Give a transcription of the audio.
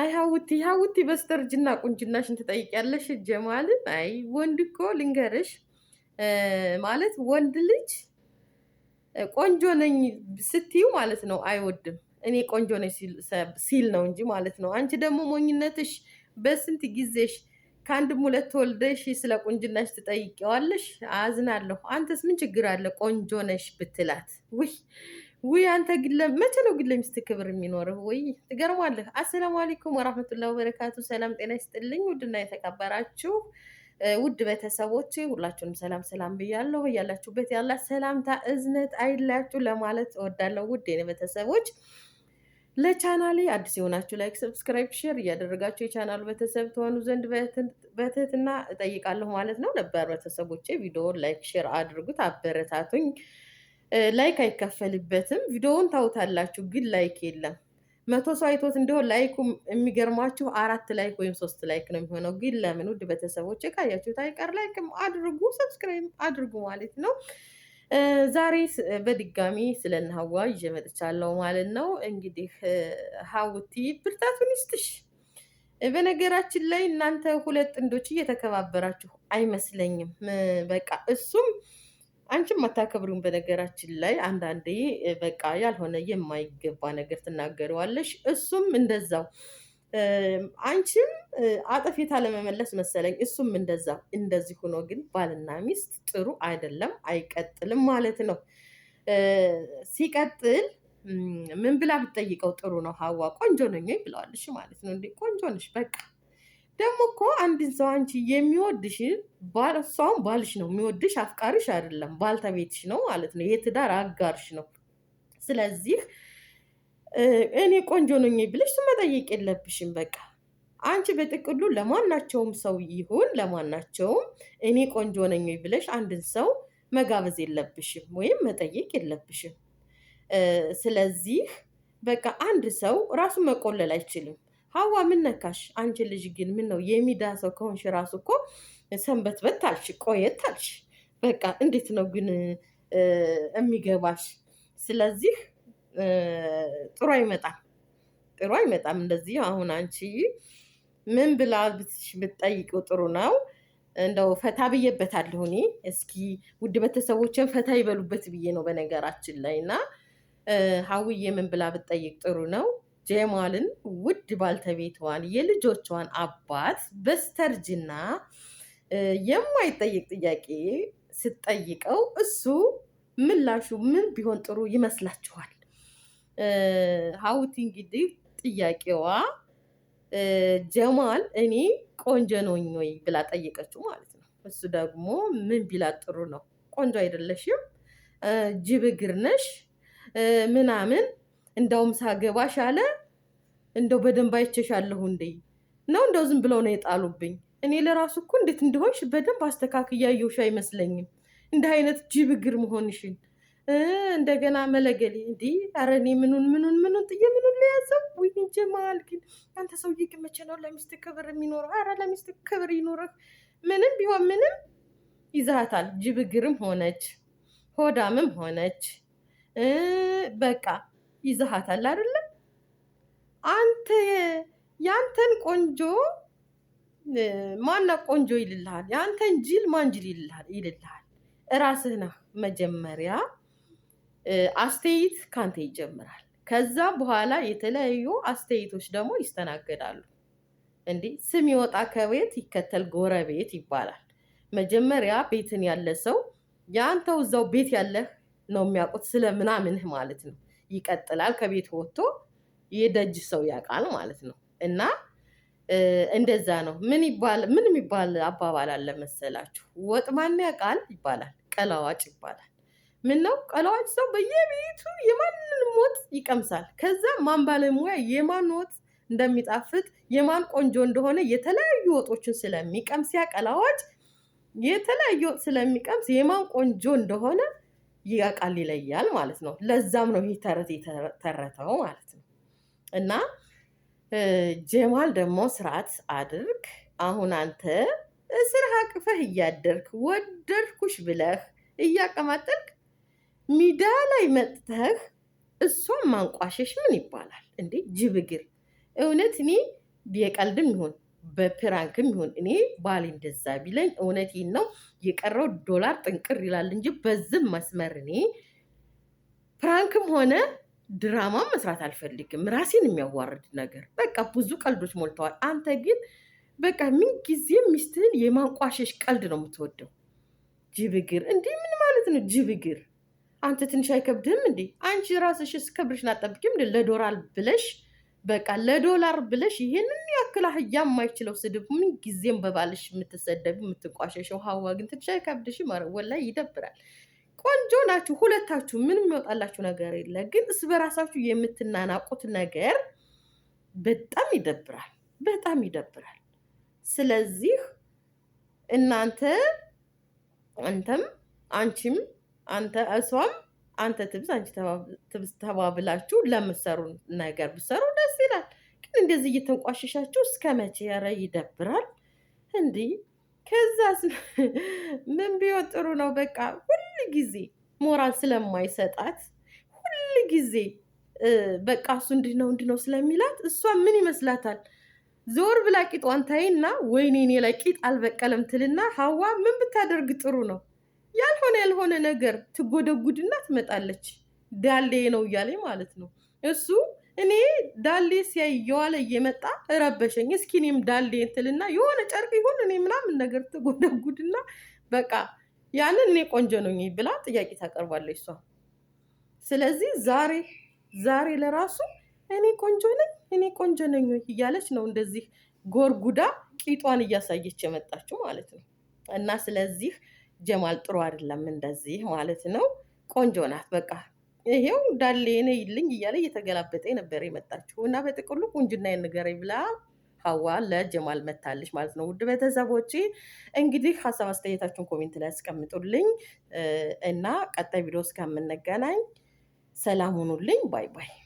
አይ ሀውቲ ሀውቲ በስተርጅና ቁንጅናሽን ትጠይቂያለሽ? ጀማልን አይ ወንድ እኮ ልንገርሽ ማለት ወንድ ልጅ ቆንጆ ነኝ ስትዩ ማለት ነው አይወድም። እኔ ቆንጆ ነኝ ሲል ነው እንጂ ማለት ነው። አንቺ ደግሞ ሞኝነትሽ በስንት ጊዜሽ ከአንድም ሁለት ወልደሽ ስለ ቁንጅናሽ ትጠይቂዋለሽ? አዝናለሁ። አንተስ ምን ችግር አለ ቆንጆ ነሽ ብትላት? ውይ ውይ አንተ ግለ መቼ ነው ግለ ሚስት ክብር የሚኖርህ? ወይ ትገርማለህ። አሰላሙ አለይኩም ወራህመቱላሂ ወበረካቱ። ሰላም ጤና ይስጥልኝ። ውድና የተከበራችሁ ውድ ቤተሰቦች ሁላችሁንም ሰላም ሰላም ብያለሁ። እያላችሁበት ያላ ሰላምታ እዝነት አይላችሁ ለማለት እወዳለሁ። ውድ የኔ ቤተሰቦች ለቻናሌ አዲስ የሆናችሁ ላይክ፣ ሰብስክራይብ፣ ሼር እያደረጋችሁ የቻናሉ ቤተሰብ ትሆኑ ዘንድ በትህትና እጠይቃለሁ ማለት ነው። ነበር ቤተሰቦቼ ቪዲዮ ላይክ ሼር አድርጉት፣ አበረታቱኝ ላይክ አይከፈልበትም። ቪዲዮውን ታውታላችሁ፣ ግን ላይክ የለም። መቶ ሰው አይቶት እንደሆን ላይኩ የሚገርማችሁ አራት ላይክ ወይም ሶስት ላይክ ነው የሚሆነው። ግን ለምን ውድ ቤተሰቦች ካያችሁት አይቀር ላይክም አድርጉ፣ ሰብስክራይብ አድርጉ ማለት ነው። ዛሬ በድጋሚ ስለ እነ ሀዋ ይዤ መጥቻለሁ ማለት ነው። እንግዲህ ሀውቲ ብርታቱን ይስጥሽ። በነገራችን ላይ እናንተ ሁለት ጥንዶች እየተከባበራችሁ አይመስለኝም። በቃ እሱም አንቺም አታከብሪውም። በነገራችን ላይ አንዳንዴ በቃ ያልሆነ የማይገባ ነገር ትናገረዋለሽ፣ እሱም እንደዛው አንቺም አጠፌታ ለመመለስ መሰለኝ እሱም እንደዛ እንደዚህ ሆኖ ግን ባልና ሚስት ጥሩ አይደለም፣ አይቀጥልም ማለት ነው። ሲቀጥል ምን ብላ ብትጠይቀው ጥሩ ነው? ሀዋ ቆንጆ ነኝ ብለዋልሽ ማለት ነው። እንዴ ቆንጆ ነሽ በቃ ደግሞ እኮ አንድን ሰው አንቺ የሚወድሽ እሷም ባልሽ ነው የሚወድሽ፣ አፍቃሪሽ አይደለም፣ ባልተቤትሽ ነው ማለት ነው፣ የትዳር አጋርሽ ነው። ስለዚህ እኔ ቆንጆ ነኝ ብለሽ መጠየቅ የለብሽም። በቃ አንቺ በጥቅሉ ለማናቸውም ሰው ይሁን ለማናቸውም እኔ ቆንጆ ነኝ ብለሽ አንድን ሰው መጋበዝ የለብሽም ወይም መጠየቅ የለብሽም። ስለዚህ በቃ አንድ ሰው ራሱን መቆለል አይችልም። ሀዋ ምን ነካሽ? አንቺ ልጅ ግን ምን ነው የሚዳ ሰው ከሆንሽ ራሱ እኮ በት አልሽ፣ ቆየት አልሽ። በቃ እንዴት ነው ግን የሚገባሽ? ስለዚህ ጥሩ አይመጣም፣ ጥሩ አይመጣም። እንደዚህ አሁን አንቺ ምን ብላ ብትጠይቁ ጥሩ ነው። እንደው ፈታ ብዬበታለሁ እኔ። እስኪ ውድ ቤተሰቦችን ፈታ ይበሉበት ብዬ ነው በነገራችን ላይ እና ሀውዬ ምን ብላ ብትጠይቅ ጥሩ ነው ጀማልን ውድ ባልተቤቷን የልጆቿን አባት በስተርጅና የማይጠይቅ ጥያቄ ስትጠይቀው እሱ ምላሹ ምን ቢሆን ጥሩ ይመስላችኋል? ሀውቲ እንግዲህ ጥያቄዋ ጀማል እኔ ቆንጆ ነኝ ወይ ብላ ጠየቀችው ማለት ነው። እሱ ደግሞ ምን ቢላት ጥሩ ነው? ቆንጆ አይደለሽም፣ ጅብ እግር ነሽ ምናምን እንደውም ሳገባሽ አለ እንደው በደንብ አይቼሻለሁ እንዴ ነው እንደው ዝም ብለው ነው የጣሉብኝ። እኔ ለራሱ እኮ እንዴት እንደሆንሽ በደንብ አስተካክ አየሁሽ አይመስለኝም። እንደ አይነት ጅብ እግር መሆንሽን እንደገና መለገሌ እንዲህ ኧረ እኔ ምኑን ምኑን ምኑን ጥዬ ምኑን ለያዘው ወይ ጀማል፣ ግን አንተ ሰውዬ ግን መቼ ነው ለሚስት ክብር የሚኖረው? ኧረ ለሚስት ክብር ይኖረህ። ምንም ቢሆን ምንም ይዛታል። ጅብ እግርም ሆነች ሆዳምም ሆነች በቃ ይዘሃታል አይደለም? አንተ ያንተን ቆንጆ ማና ቆንጆ ይልልሃል፣ ያንተን ጅል ማን ጅል ይልልሃል? እራስህ ነህ። መጀመሪያ አስተያየት ካንተ ይጀምራል። ከዛ በኋላ የተለያዩ አስተያየቶች ደግሞ ይስተናገዳሉ። እንዴ ስም ይወጣ ከቤት ይከተል ጎረቤት ይባላል። መጀመሪያ ቤትን ያለ ሰው የአንተው እዛው ቤት ያለህ ነው የሚያውቁት ስለ ምናምንህ ማለት ነው። ይቀጥላል። ከቤት ወጥቶ የደጅ ሰው ያውቃል ማለት ነው። እና እንደዛ ነው። ምን ይባል ምን የሚባል አባባል አለ መሰላችሁ? ወጥ ማን ያውቃል ይባላል። ቀላዋጭ ይባላል። ምን ነው ቀላዋጭ ሰው በየቤቱ የማንንም ወጥ ይቀምሳል። ከዛ ማን ባለሙያ የማን ወጥ እንደሚጣፍጥ የማን ቆንጆ እንደሆነ የተለያዩ ወጦችን ስለሚቀምስ ያ ቀላዋጭ የተለያዩ ወጥ ስለሚቀምስ የማን ቆንጆ እንደሆነ ያውቃል ይለያል ማለት ነው። ለዛም ነው ይህ ተረት የተተረተው ማለት ነው። እና ጀማል ደግሞ ስርዓት አድርግ። አሁን አንተ ስራ አቅፈህ እያደርክ ወደድኩሽ ብለህ እያቀማጠልክ ሜዳ ላይ መጥተህ እሷን ማንቋሸሽ ምን ይባላል እንዴ? ጅብግር እውነት እኔ የቀልድም ይሁን በፕራንክም ይሁን እኔ ባል እንደዛ ቢለኝ እውነቴን ነው የቀረው ዶላር ጥንቅር ይላል እንጂ በዝም መስመር እኔ ፕራንክም ሆነ ድራማ መስራት አልፈልግም። ራሴን የሚያዋርድ ነገር በቃ ብዙ ቀልዶች ሞልተዋል። አንተ ግን በቃ ምን ጊዜ ሚስትህን የማንቋሸሽ ቀልድ ነው የምትወደው። ጅብግር እንዲህ ምን ማለት ነው ጅብግር? አንተ ትንሽ አይከብድህም እንዴ? አንቺ ራስሽ እስከብርሽ ናጠብቂም ለዶራል ብለሽ በቃ ለዶላር ብለሽ ይሄንን ያክል አህያ የማይችለው ስድብ ምን ጊዜም በባልሽ የምትሰደብ የምትቋሸሸው ሀዋ ግን ትንሽ አይከብድሽም? ወላሂ ይደብራል። ቆንጆ ናችሁ ሁለታችሁ፣ ምንም የሚወጣላችሁ ነገር የለ። ግን እስ በራሳችሁ የምትናናቁት ነገር በጣም ይደብራል፣ በጣም ይደብራል። ስለዚህ እናንተ አንተም አንቺም አንተ እሷም አንተ ትብስ አንቺ ትብስ ተባብላችሁ ለምትሰሩ ነገር ብትሰሩ እንደዚህ እየተንቋሸሻችሁ እስከ መቼ? ኧረ ይደብራል እንዲህ። ከዛስ ምን ቢሆን ጥሩ ነው? በቃ ሁል ጊዜ ሞራል ስለማይሰጣት ሁል ጊዜ በቃ እሱ እንዲህ ነው እንዲህ ነው ስለሚላት እሷ ምን ይመስላታል? ዞር ብላ ቂጧን ታይና ወይኔ እኔ ላይ ቂጥ አልበቀለም ትልና ሀዋ ምን ብታደርግ ጥሩ ነው? ያልሆነ ያልሆነ ነገር ትጎደጉድና ትመጣለች። ዳሌ ነው እያለኝ ማለት ነው እሱ እኔ ዳሌ ሲያይ እየዋለ እየመጣ ረበሸኝ። እስኪ እኔም ዳሌ እንትልና የሆነ ጨርቅ ይሁን እኔ ምናምን ነገር ትጎደጉድና በቃ ያንን እኔ ቆንጆ ነኝ ብላ ጥያቄ ታቀርባለች እሷ። ስለዚህ ዛሬ ዛሬ ለራሱ እኔ ቆንጆ ነኝ እኔ ቆንጆ ነኝ እያለች ነው እንደዚህ ጎርጉዳ ቂጧን እያሳየች የመጣችው ማለት ነው። እና ስለዚህ ጀማል ጥሩ አይደለም እንደዚህ ማለት ነው። ቆንጆ ናት በቃ ይሄው ዳሌ ይልኝ እያለ እየተገላበጠ ነበር የመጣችው እና በጥቅሉ ቁንጅና ንገረኝ ብላ ሀዋ ለጀማል መታለች ማለት ነው። ውድ ቤተሰቦች እንግዲህ ሀሳብ አስተያየታችሁን ኮሜንት ላይ አስቀምጡልኝ እና ቀጣይ ቪዲዮ እስከምንገናኝ ሰላም ሁኑልኝ። ባይ ባይ።